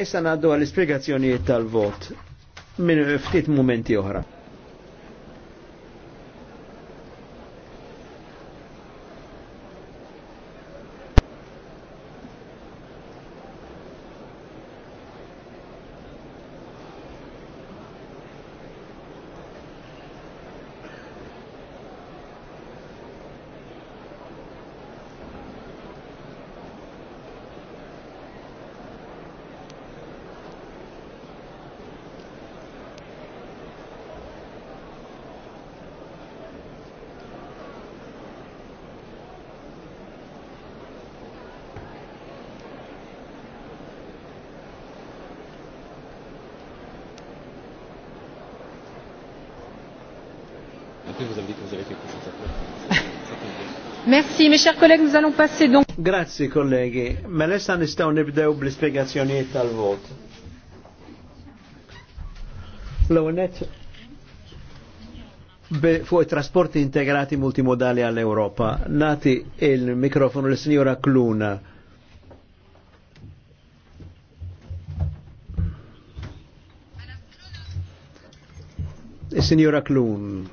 Issa naddu għall-ispiegazzjonijiet tal-vot minn ftit mumenti oħra. Merci, mes chers collègues, nous allons passer donc. Grazie, kollegi. Mela issa nistgħu nibdew bl-ispjegazzjonijiet tal-vot. L-ewnet fuq trasporti integrati multimodali għall-Europa. Nati il-mikrofonu l signora Kluna. Is-Sinjora Klun.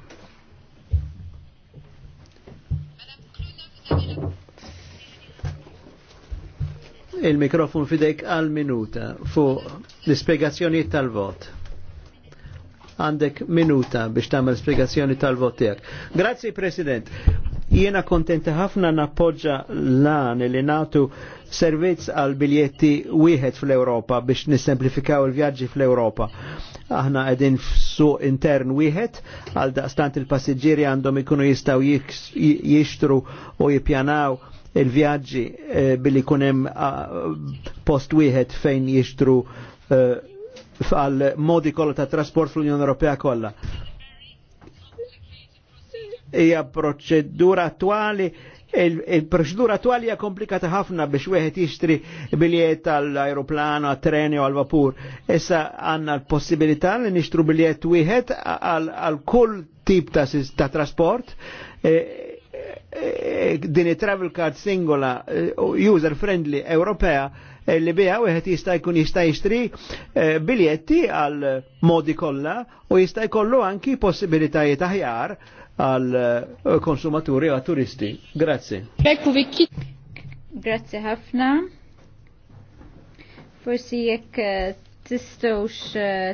il-mikrofon fidejk għal minuta fuq l spiegazzjoni tal-vot. Għandek minuta biex tagħmel spiegazzjoni tal-vot tiegħek. Grazzi President. Jiena kontenta ħafna nappoġġa lan li natu servizz għal biljetti wieħed fl-Ewropa biex nissemplifikaw il-vjaġġi fl-Ewropa. Aħna qegħdin su intern wieħed għal daqstant il-passiġġieri għandhom ikunu jistgħu jixtru u jippjanaw il-vjaġġi eh, billi kunem ah, post wieħed fejn jixtru eh, għal modi kollha ta' trasport fl-Unjoni Ewropea kollha. Hija proċedura attwali il-proċedura il attuali hija komplikata ħafna biex wieħed jixtri biljet għall-aeroplano, għat-treni u għall-vapur. Issa għandna l-possibilità li nixtru biljet wieħed għal kull tip ta', trasport eh, Eh, din travel card singola eh, user friendly europea eh, li bija jħet jista' jkun jista' jixtri biljetti għal modi kollha u jista' jkollu anki possibilitajiet aħjar għal konsumaturi u turisti. Grazzi. Grazzi ħafna. Forsi jekk tistawx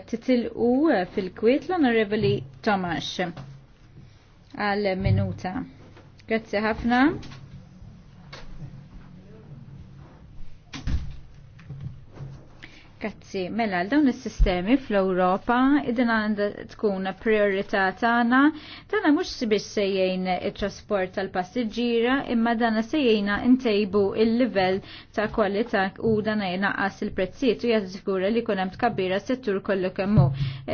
titilqu fil-kwiet l-Onorevoli Tomax għal minuta. Grazie ħafna. Grazzi, mela, dawn is-sistemi fl-Ewropa id-din għanda tkun priorità tagħna, dana mhux sibiex sejjejn it-trasport tal-passiġġiera, imma dana sejjejna ntejbu il-livell ta' kwalità u dana jnaqqas il-prezzijiet u jazzikura li jkun hemm tkabbira settur kollu kemm hu.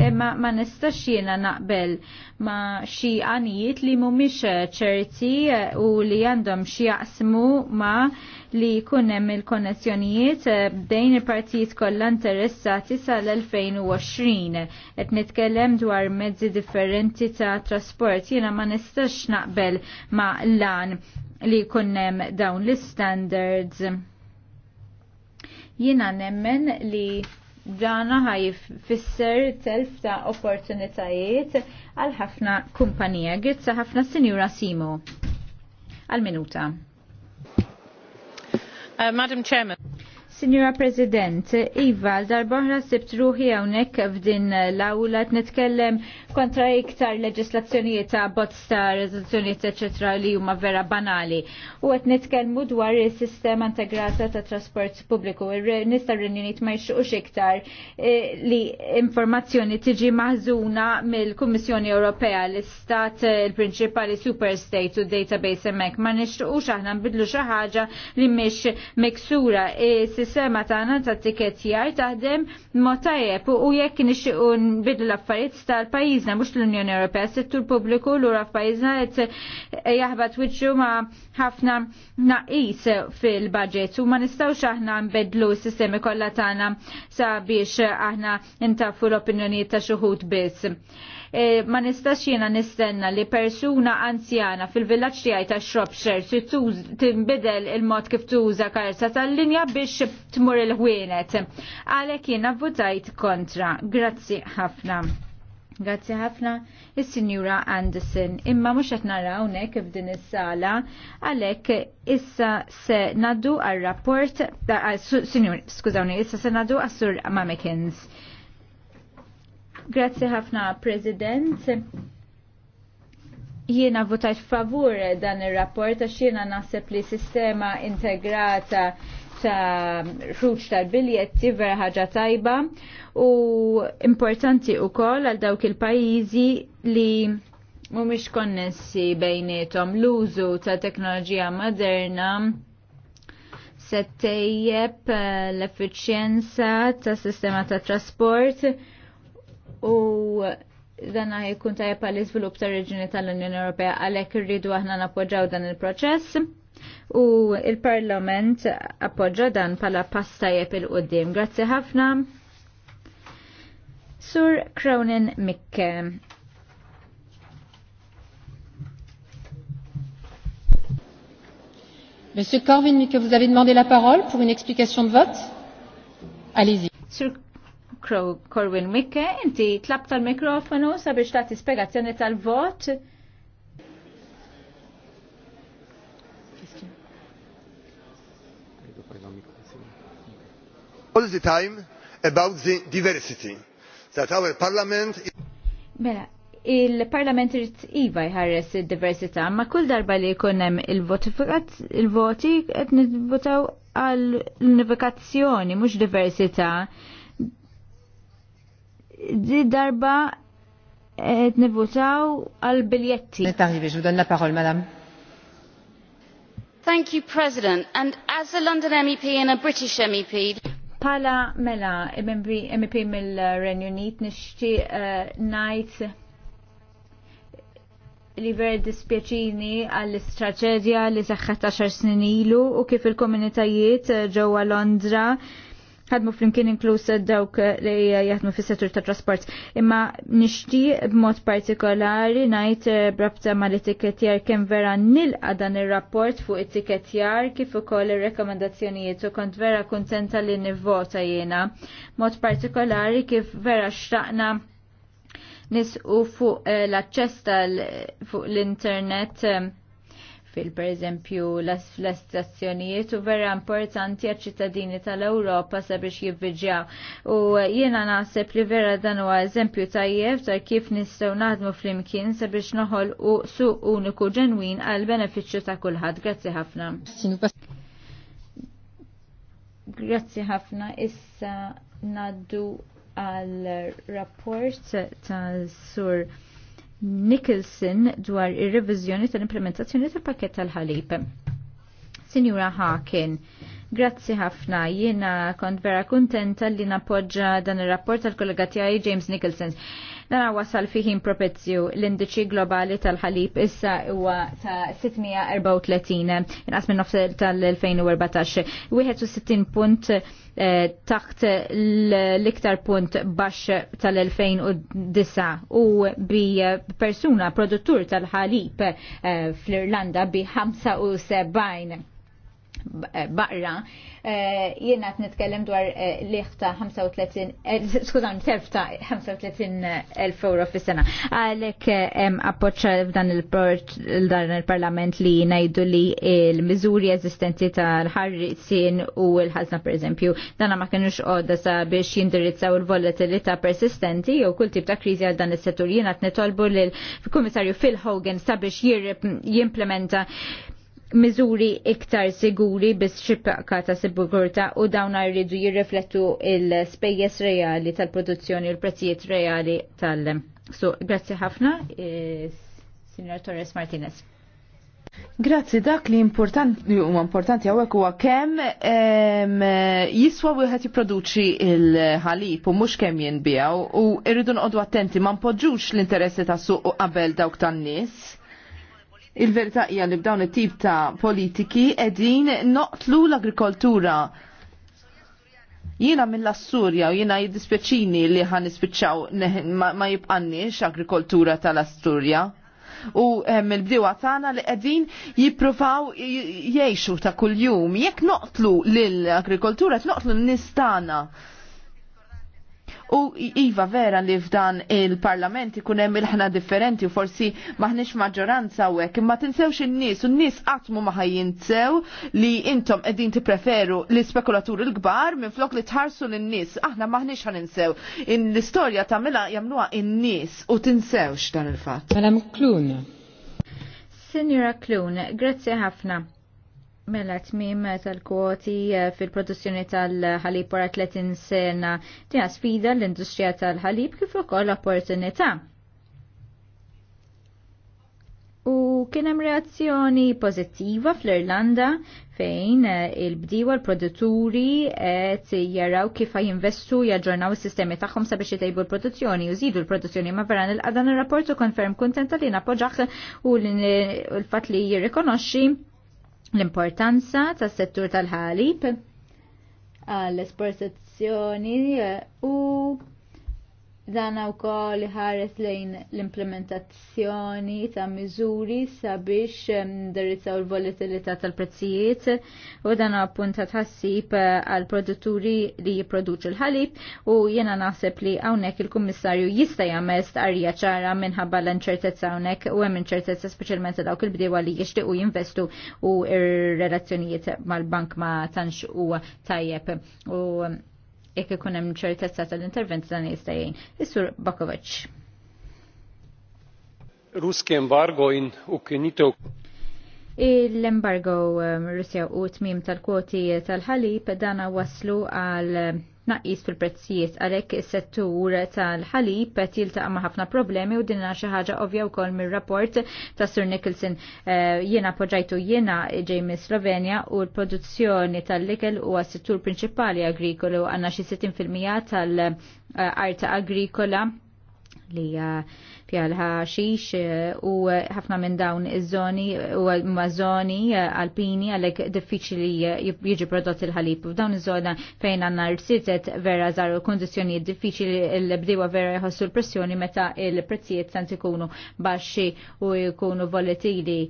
Imma eh, ma nistax jiena naqbel ma' xi għanijiet li mhumiex ċerti u li għandhom xi jaqsmu ma' li jkun hemm il-konnessjonijiet eh, b'dejn il-partijiet kollha interessati sal-2020. Qed nitkellem dwar mezzi differenti ta' trasport jiena ma nistax naqbel ma' lan li jkun hemm dawn l-standards. Jiena nemmen li dana ħajfisser fisser telf ta' opportunitajiet għal ħafna kumpanija. Għitza ħafna Sinjura Simo. Għal minuta. Uh, Madam Chairman. Signora President, Iva, darbohra sibt ruħi għonek f'din l-awla t-netkellem kontra iktar leġislazzjonijiet ta' botsta, rezoluzzjonijiet eccetera li huma vera banali. U għet netkellmu dwar il-sistema integrata ta' trasport pubbliku. Nista' rinjoniet ma jxuqx iktar eh, li informazzjoni tiġi maħżuna mill-Kummissjoni Ewropea l-Istat eh, il-Prinċipali Superstate u Database emmek. Ma nixtuqux aħna nbidlu xi ħaġa li mhix miksura. E, sistema tagħna ta' tikketjar taħdem mod tajjeb u jekk nixtiequ nbidlu l-affarijiet tal-pajjiżna mhux l-Unjoni Ewropea, settur pubbliku lura f'pajjiżna qed jaħbad wiċċu ma' ħafna naqis fil-budget u ma nistgħux aħna nbedlu s-sistemi kollha tagħna sabiex aħna intafu l-opinjonijiet ta' xi wħud biss. E, ma nistax jiena nistenna li persuna anzjana fil-villaċ tiegħi ta' Shropshire si tinbidel il-mod kif tuża karza tal-linja biex tmur il-ħwienet. Għalek jena votajt kontra. Grazzi ħafna. Grazzi ħafna is-Sinjura Anderson. Imma mhux qed naraw hawnhekk f'din is-sala għalhekk issa se naddu għal rapport Sinjur, skużawni, issa se naddu għas-Sur Mamekins. Grazzi ħafna, President jiena votajt favur dan ir-rapport għax jiena naħseb li sistema integrata ta' ħruġ tal-biljetti vera ħaġa tajba u importanti wkoll għal dawk il-pajjiżi li mhumiex konnessi bejnietom l-użu ta' teknoloġija moderna se tejjeb eh, l-effiċjenza ta' sistema ta' trasport u dan ħajkun tajjeb għall-iżvilupp ta' reġuni tal-Unjoni Ewropea għalhekk irridu aħna nappoġġaw dan il-proċess u il-Parlament appoġġa dan pala pastajep il-qoddim. Grazzi ħafna. Sur Cronin Mikke. Monsieur Corvin Mikke, vous avez demandé la parole pour une explication de vote Allez-y. Sur Corwin Mikke, inti tlab tal-mikrofonu sabiex ta' spiegazzjoni tal-vot. all the time about the diversity that our parliament Mela, il-parlament irid iva jħarres il-diversita, ma kull darba li jkun hemm il-voti qed nivvotaw għal unifikazzjoni mux diversita. Di darba qed nivvotaw għal biljetti. biex, dan la parol, madam. Thank you, President. And as a London MEP and a British MEP, Pala mela MP mill-Renju Unit nixti eh, najt li ver dispjaċini għall-istraċedja li seħħet 10 snin ilu u kif il-komunitajiet eh, ġewwa Londra ħadmu flimkien inkluż dawk li jaħdmu fis-settur ta' trasport. Imma nixtieq b'mod partikolari ngħid eh, brabta mal etikettjar kemm vera nilqa dan ir-rapport fuq etikettjar kif ukoll ir-rekomendazzjonijiet u kont vera kontenta li nivvota jiena. Mod partikolari kif vera xtaqna nisqu fuq eh, l-aċċess fuq l-internet eh, fil pereżempju l estazzjonijiet u vera importanti għal-ċittadini tal-Ewropa sabiex jivviġjaw u jiena naħseb li vera dan huwa eżempju tajjeb ta' kif nistgħu naħdmu flimkien sabiex noħol u su uniku ġenwin għal-benefiċċju ta' kulħadd. Grazzi ħafna. Grazzi ħafna. Issa naddu għal rapport ta' sur Nicholson dwar ir-reviżjoni tal-implementazzjoni tal-pakket tal-ħalib. Sinjura Haken, Grazzi ħafna, jiena kont vera kuntenta li napoġġa dan ir-rapport tal-kollega tiegħi James Nicholson. Nara wasal fiħin propezzju l-indiċi globali tal-ħalib issa huwa ta' 634 inqas minn nofs tal-2014. 61 punt eh, taħt l-iktar punt baxx tal-2009 u bi persuna produttur tal-ħalib eh, fl-Irlanda bi 75 baqra, eh, jiena qed nitkellem dwar eh, liħ ta' 35, eh, skużan, telf ta' 35 euro fis-sena. Għalhekk appoċċa f'dan il-dan il-Parlament li ngħidu li l-miżuri eżistenti tal-ħarrisin u l-ħazna pereżempju dana ma kienux għodda sa biex jindirizzaw il-volatilità persistenti jew kull tip ta' kriżi għal dan is-settur jiena qed nitolbu lill-Kummissarju Phil Hogan sabiex jimplementa miżuri iktar siguri biex xibqa ta' sigurta u dawn rridu jirriflettu il-spejjeż reali tal-produzzjoni u l-prezzijiet reali tal- So, grazzi ħafna, e, Signor Torres Martinez. Grazzi, dak li importanti u importanti għawek huwa kemm jiswa wieħed jipproduċi il-ħalib u mhux kemm jinbijaw u rridu noqogħdu attenti ma npoġġux l-interessi tas suq qabel dawk tan-nies Il-verità hija li b'dawn it-tip ta' politiki qegħdin noqtlu l-agrikoltura. Jiena mill-Assurja u jiena jiddispjaċini li ħan nispiċċaw ma jibqannix agrikoltura tal-Asturja u mill-bdiwa ehm, tagħna li qegħdin jippruvaw jgħixu ta' kuljum. Jekk noqtlu lill-agrikoltura, noqtlu n-nistana. U iva vera li f'dan il-parlament ikun hemm il-ħna differenti u forsi maħniex maġġoranza u hekk, imma tinsewx in-nies u n-nies qatt ma ħajjinsew li intom qegħdin tippreferu l-ispekulatur il-kbar minflok li tħarsu lin-nies. Aħna maħniex ħaninsew. L-istorja tagħmilha jagħmluha in-nies u tinsewx dan il-fatt. Madam Klun. Signora Klun, grazzi ħafna. Mela tmim tal-kwoti eh, fil-produzzjoni tal-ħalib wara 30 sena tiegħa sfida l-industrija tal-ħalib kif ukoll opportunità. U kien hemm reazzjoni pożittiva fl-Irlanda fejn eh, il-bdiewa l-produtturi qed jaraw kif jinvestu jaġġornaw is-sistemi tagħhom sabiex jtejbu l-produzzjoni u żidu l-produzzjoni ma veran il dan ir-rapport u konferm kuntenta li nappoġġaħ u l-fatt li jirrikonoxxi l-importanza tas settur tal-ħalib għall-esportazzjoni eh, u Dan wkoll ħares lejn l-implementazzjoni ta' miżuri sabiex ehm, ndirizzaw il-volatilità tal-prezzijiet u dan appunta tħassib eh, għal produtturi li jipproduċu l-ħalib u jiena naħseb li hawnhekk il-Kummissarju jista' jagħmel starja ċara minħabba l-inċertezza hawnhekk u hemm inċertezza speċjalment dawk il-bdewa li jixtiequ jinvestu u r relazzjonijiet mal-bank ma tantx huwa tajjeb u ehm, jekk ikun hemm ċertezza tal-intervent dan jista' jgħin. Is-Sur Bakovic. Ruski embargo in Ukinito. L-embargo um, Russja u tmim tal-kwoti tal-ħalib dana waslu għal naqis fil-prezzijiet għalhekk is-settur tal-ħalib qed jiltaqa' ma' ħafna problemi u dinna xi ħaġa ovvja wkoll mir-rapport ta' Sir Nicholson eh, jiena poġġajtu jiena ġej minn Slovenja u l-produzzjoni tal-likel huwa s settur prinċipali u għandna xi 60% tal-art eh, agrikola li fjalħa xiex eh, u ħafna minn dawn iż-żoni u mażoni żoni eh, alpini għalhekk diffiċli eh, jiġi prodott il-ħalib. F'dawn iż-żona fejn għandna rsitet vera żaru kundizzjonijiet diffiċli l-bdiewa vera jħossu l-pressjoni meta il-prezzijiet tant ikunu baxxi u jkunu volatili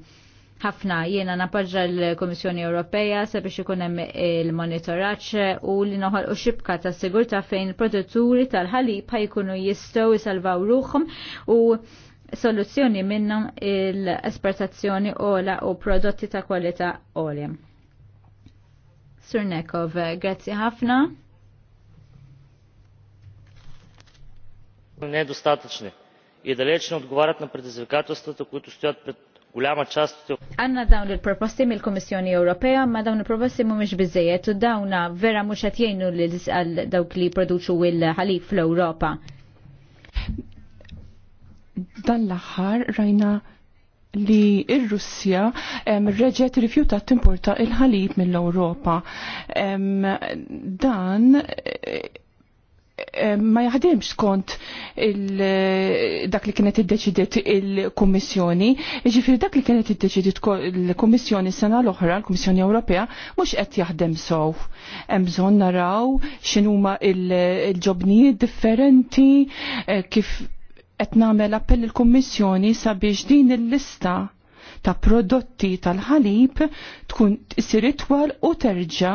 ħafna jiena napoġġa l-Komissjoni Ewropea sabiex ikun hemm il-monitoraġġ u li noħolqu xibka ta' sigurtà fejn il-produtturi tal-ħalib ħajkunu jistgħu jsalvaw ruhom u soluzzjoni minnhom l-esportazzjoni ola u prodotti ta' kwalità olja. Surnekov, grazzi ħafna. недостатъчни I далеч odgovarat na на предизвикателствата които стоят Għanna dawn il-proposti mill-Komissjoni Ewropea, ma dawn il-proposti mhumiex bizzejet, u dawna vera mhux qed jgħinu li tisqal dawk li produċu il-ħalib fl-Ewropa. Dan l-aħħar rajna li il russja reġet rifjuta timporta il-ħalib mill-Ewropa. Dan Eh, ma jaħdimx skont eh, dak li kienet iddeċidiet il-Kummissjoni. ġifir dak li kienet iddeċidiet il-Kummissjoni sena l-oħra, l-Kummissjoni Ewropea, mhux qed jaħdem sow. Hemm bżonn naraw x'inhuma il-ġobnijiet differenti eh, kif qed nagħmel appell il-Kummissjoni sabiex din il-lista ta' prodotti tal-ħalib tkun issir itwal u terġa'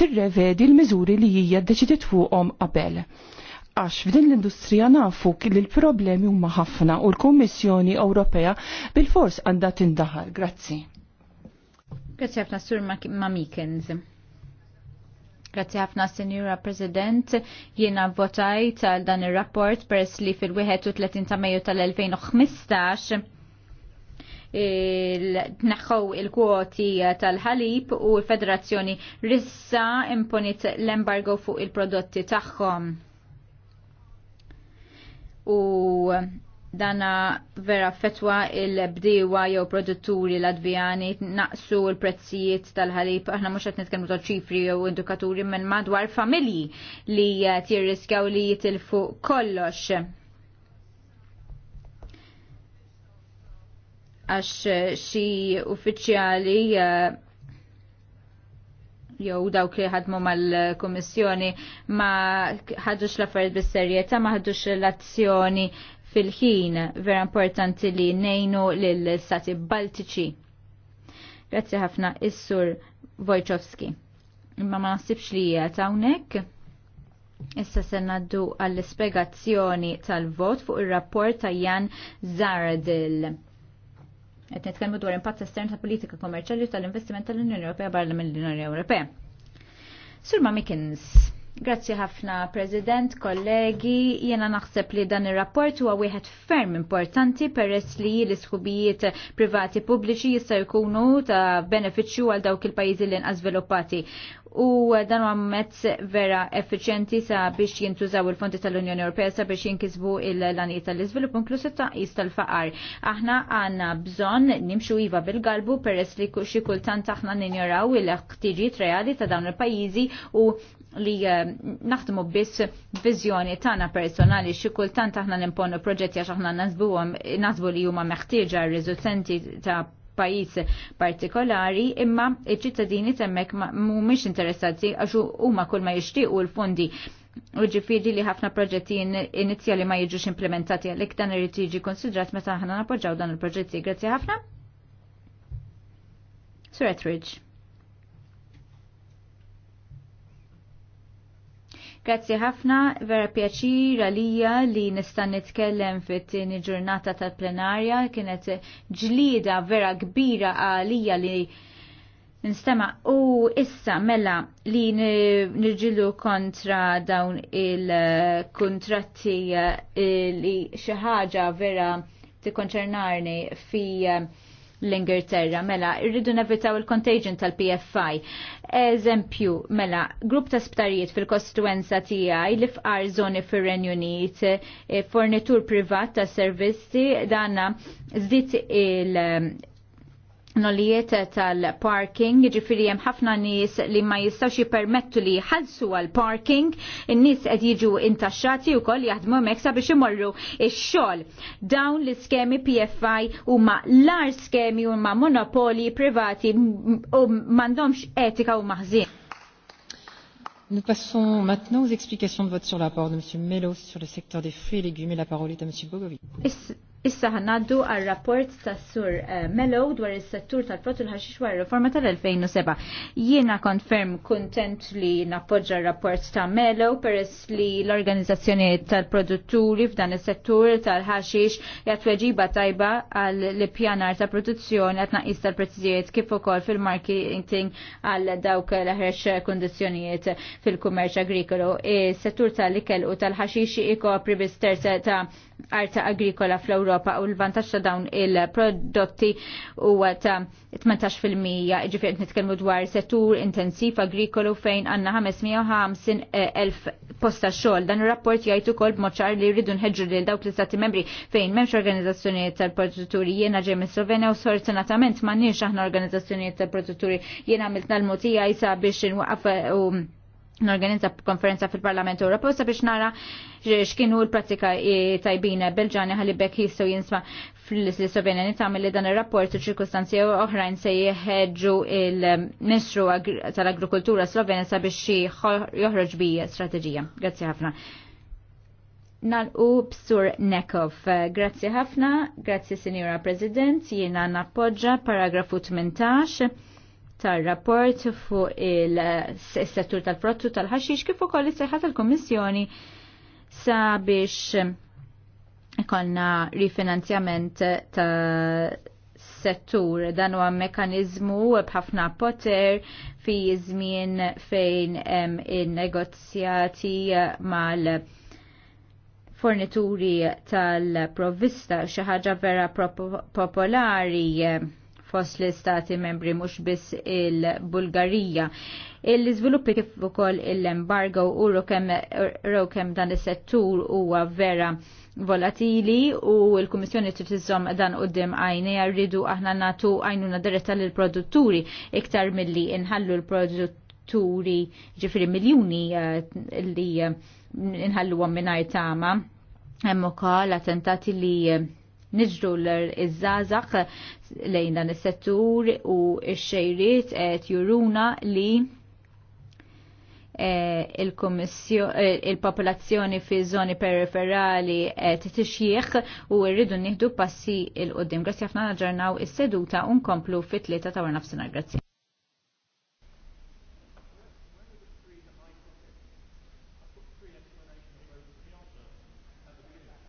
tirrevedi l-miżuri li hija ddeċidiet fuqhom qabel għax f'din l-industrija nafu li l-problemi huma ħafna u l-Kummissjoni Ewropea bil-fors għandha tindaħal. Grazzi. Grazzi ħafna Sur Mamikens. Grazzi ħafna Senjura President, jiena votajt għal dan ir-rapport peress li fil-31 ta' Mejju tal-2015 tneħħow il-kwoti tal-ħalib u l-Federazzjoni rissa imponit l-embargo fuq il-prodotti tagħhom. U dana vera fetwa il-bdiewa jew produtturi l-adbjani naqsu l-prezzijiet tal-ħalib. Aħna mhux qed nitkellmu ta' ċifri jew indukaturi minn madwar familji li tirriskjaw li jitilfu kollox għax eh, xi uffiċjali eh, jew dawk li ħadmu mal-Kummissjoni ma ħadux l-affarijiet bis-serjetà ma ħadux l-azzjoni fil-ħin vera importanti li nejnu lill-Stati Baltiċi. Grazzi ħafna is-Sur Wojciechowski. Imma ma nasibx li hija hawnhekk. Issa se għall-ispjegazzjoni tal-vot fuq ir-rapport ta' Jan Zardil. Qed nitkellmu dwar impatt estern ta' politika u tal-investiment tal-Unjoni Ewropea barra mill-Unjoni Ewropea. Sur Mikins, Grazzi ħafna, President, kollegi. Jena naħseb li dan ir-rapport huwa wieħed ferm importanti peress li l-iskubijiet privati pubbliċi jista' jkunu ta' benefiċċju għal dawk il-pajjiżi li nqas sviluppati u dan huwa mezz vera effiċjenti sa biex jintużaw il-fondi tal-Unjoni Ewropea sa biex jinkisbu il-lanijiet tal-iżvilupp inklusiv ta' is tal-faqar. Aħna għandna bżonn nimxu iva bil-galbu peress li xi kultant aħna ninjoraw il-ħtiġijiet reali ta' dawn il-pajjiżi u li eh, naħdmu biss viżjoni tagħna personali xi kultant aħna nimponu proġetti għax aħna nasbuhom nasbu li huma meħtieġa r-riżultanti ta' pajis partikolari imma iċ-ċittadini temmek mhumiex interessati għax huma kull ma jixtiequ l-fondi u ġifiri li ħafna proġetti inizjali ma jiġux implementati għalhekk dan irrid jiġi konsidrat meta aħna napoġġaw dan il-proġetti. Grazzi ħafna. Sur Etridge. Grazzi ħafna, vera pjaċir għalija li nista' nitkellem fit-tieni ġurnata tal-plenarja, kienet ġlida vera kbira għalija li nistema u issa mela li nirġilu kontra dawn il-kontratti eh, li xi ħaġa vera tikkonċernarni fi eh, l-Ingilterra. Mela, irridu nevitaw il-contagion tal-PFI. Eżempju, mela, grupp ta' sptarijiet fil-kostituenza tiegħi li fqar żoni fir-Renju Unit, eh, fornitur privat ta' servizzi, danna zdit il- nolijiet tal-parking, ġifiri jem ħafna nis li ma jistax permettu li jħalsu għal-parking, n-nis għed jiġu intaxxati u koll jaħdmu meksa biex imorru il-xol. Dawn l-skemi PFI u ma lar skemi u ma monopoli privati u mandomx etika u maħzin. Nous passons maintenant aux explications de vote sur l'apport de M. Mello sur le secteur des fruits et légumes la parole est à M. Bogovic. Issa ħanaddu għal rapport tas Sur eh, Mellow dwar is-settur tal-protul ħaxix war reforma tal-2007. Jiena konferm kontent li nappoġġa rapport ta' Mellow peress li l-organizzazzjoni tal-produtturi f'dan is-settur tal-ħaxix jgħat weġiba tajba għal l-pjanar ta' produzzjoni għatna naqis tal-prezzijiet kif ukoll fil-marketing għal dawk l-ħreċ kondizjonijiet fil-kummerċ agrikolo. Is-settur tal-ikel u tal-ħaxix ikopri bisterza ta' arta agrikola fl-Europa u l-vantaġġ ta' dawn il-prodotti huwa ta' 18% iġifir nitkellmu dwar settur intensiv agrikolu fejn għandna 550,000 posta xogħol. Dan ir-rapport jgħid ukoll b'mod li rridu nħeġġu lil dawk l-istati membri fejn m'hemmx organizzazzjonijiet tal-produtturi jiena ġej minn Slovenja u sfortunatament m'għandniex aħna organizzazzjonijiet tal-produtturi jena għamilt l-mutija jisa biex nwaqqaf u Norganizza konferenza fil-Parlament Ewropew sabiex nara x'kienu l-prattika e, tajbina Belġani ħalli bekk jistgħu jinsma' fl-Slovenja nitagħmel li dan ir-rapport u ċirkustanzi oħrajn se jeħeġġu il-Ministru tal-Agrikultura Slovenja sabiex joħroġ bi strateġija. Grazzi ħafna. Nalqu b'Sur Nekov. Grazzi ħafna, grazzi Sinjora President, jiena nappoġġa paragrafu 18 tar-rapport fuq il-settur tal-prottu tal-ħaxix kif ukoll is-seħħa tal-Kummissjoni sabiex ikollna rifinanzjament ta' settur dan huwa mekkaniżmu b'ħafna poter fi żmien fejn hemm in-negozjati mal fornituri tal-provvista xi ħaġa vera popolari fost l-istati membri mhux biss il-Bulgarija. il izviluppi kif ukoll il embargo u rokem dan is-settur huwa vera volatili u l-Kummissjoni trid iżomm dan qudiem għajni rridu aħna nagħtu għajnuna diretta lill produtturi iktar milli inħallu l-produtturi ġifri miljuni eh, li eh, inħallu għom minnaj tama. Hemm ukoll attentati li eh, niġru l izzazak lejn dan is-settur u x-xejriet qed juruna li eh, eh, il-popolazzjoni fi zoni periferali t-tixjieħ u rridu nieħdu passi il-qoddim. Grazzi ħafna ġarnaw is-seduta nkomplu fit-tlieta ta' warnaf Grazie. Grazzi.